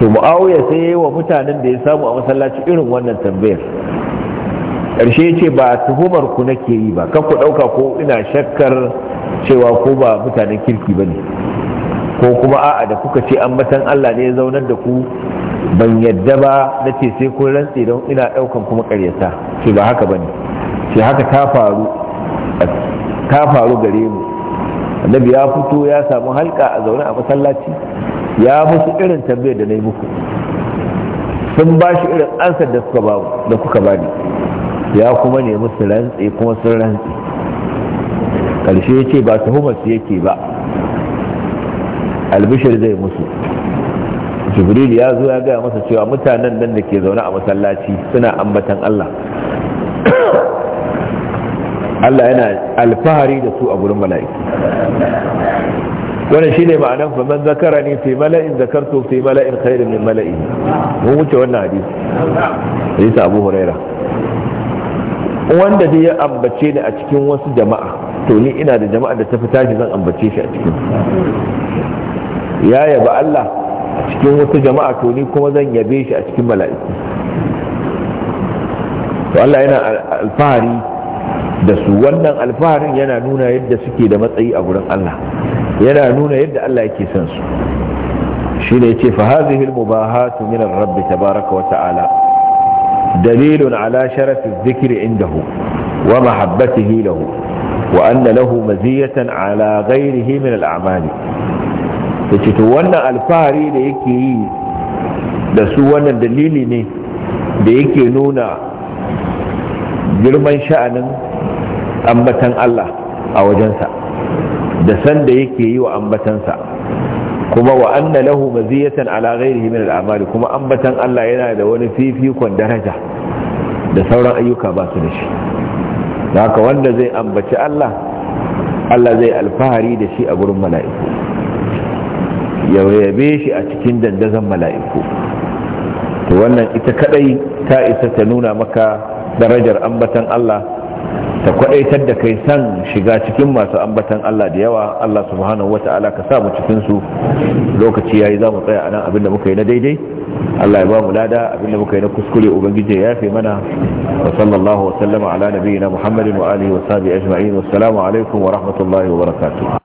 S1: to mu'awiya sai ya yi wa mutanen da ya samu a masallaci irin wannan tambayar ƙarshe ya ce ba tuhumar ku nake yi ba kan ku ɗauka ko ina shakkar cewa ko ba mutanen kirki ba ne ko kuma a'a da kuka ce matan Allah ne ya zaunar da ku ban yadda ba na ce sai kun rantse don ina daukan kuma karyata ce ba haka bane ce haka ta faru ta faru gare mu annabi ya fito ya samu halka a zaune a masallaci ya musu irin tambayar da na muku sun ba shi irin ansar da suka ba da kuka bani ya kuma ne musu rantse kuma sun rantse karshe ya ce ba tuhumar su yake ba albishir zai musu jibril ya zo ya gaya masa cewa mutanen nan da ke zaune a masallaci suna ambatan Allah Allah yana alfahari da su a gurin mala'iku wannan shine ma'anar fa zakara ne fi mala'in zakartu fi mala'in khairin min mala'i mun wuce wannan hadisi hadisi Abu Huraira wanda dai ya ambace ni a cikin wasu jama'a to ni ina da jama'a da ta fi tashi zan ambace shi a cikin ya yaba Allah a cikin wata jama'a to ni kuma zan yabe shi a cikin mala'iku to Allah yana alfahari da su wannan alfaharin yana nuna yadda suke da matsayi a gurin Allah yana nuna yadda Allah yake son su shine yace fa hadhihi al-mubahatu min ar-rabb tabaaraka wa ta'ala dalilun ala sharafi adh-dhikri indahu wa mahabbatihi lahu wa anna lahu maziyatan ala ghayrihi min al-a'mali ta ce to wannan alfahari da yake yi da su wannan dalili ne da yake nuna girman sha'anin ambatan Allah a wajensa da sanda yake yi wa ambatansa kuma wa anna lahu maziyatan ala ghairihi min al kuma ambatan Allah yana da wani fifikon daraja da sauran ayyuka ba su da shi da haka wanda zai ambaci Allah Allah zai alfahari da shi a gurin mala'iku ya yabe shi a cikin dandazon mala'iku to wannan ita kadai ta isa ta nuna maka darajar ambatan Allah ta kwadaitar da kai san shiga cikin masu ambatan Allah da yawa Allah subhanahu wata'ala ka sa mu cikin su lokaci yayi za mu tsaya anan abinda muka yi na daidai Allah ya ba mu lada abinda muka yi na kuskure ubangiji ya yafe mana wa sallallahu wa sallama ala nabiyyina Muhammadin wa alihi wa sahbihi ajma'in wassalamu alaikum wa rahmatullahi wa barakatuh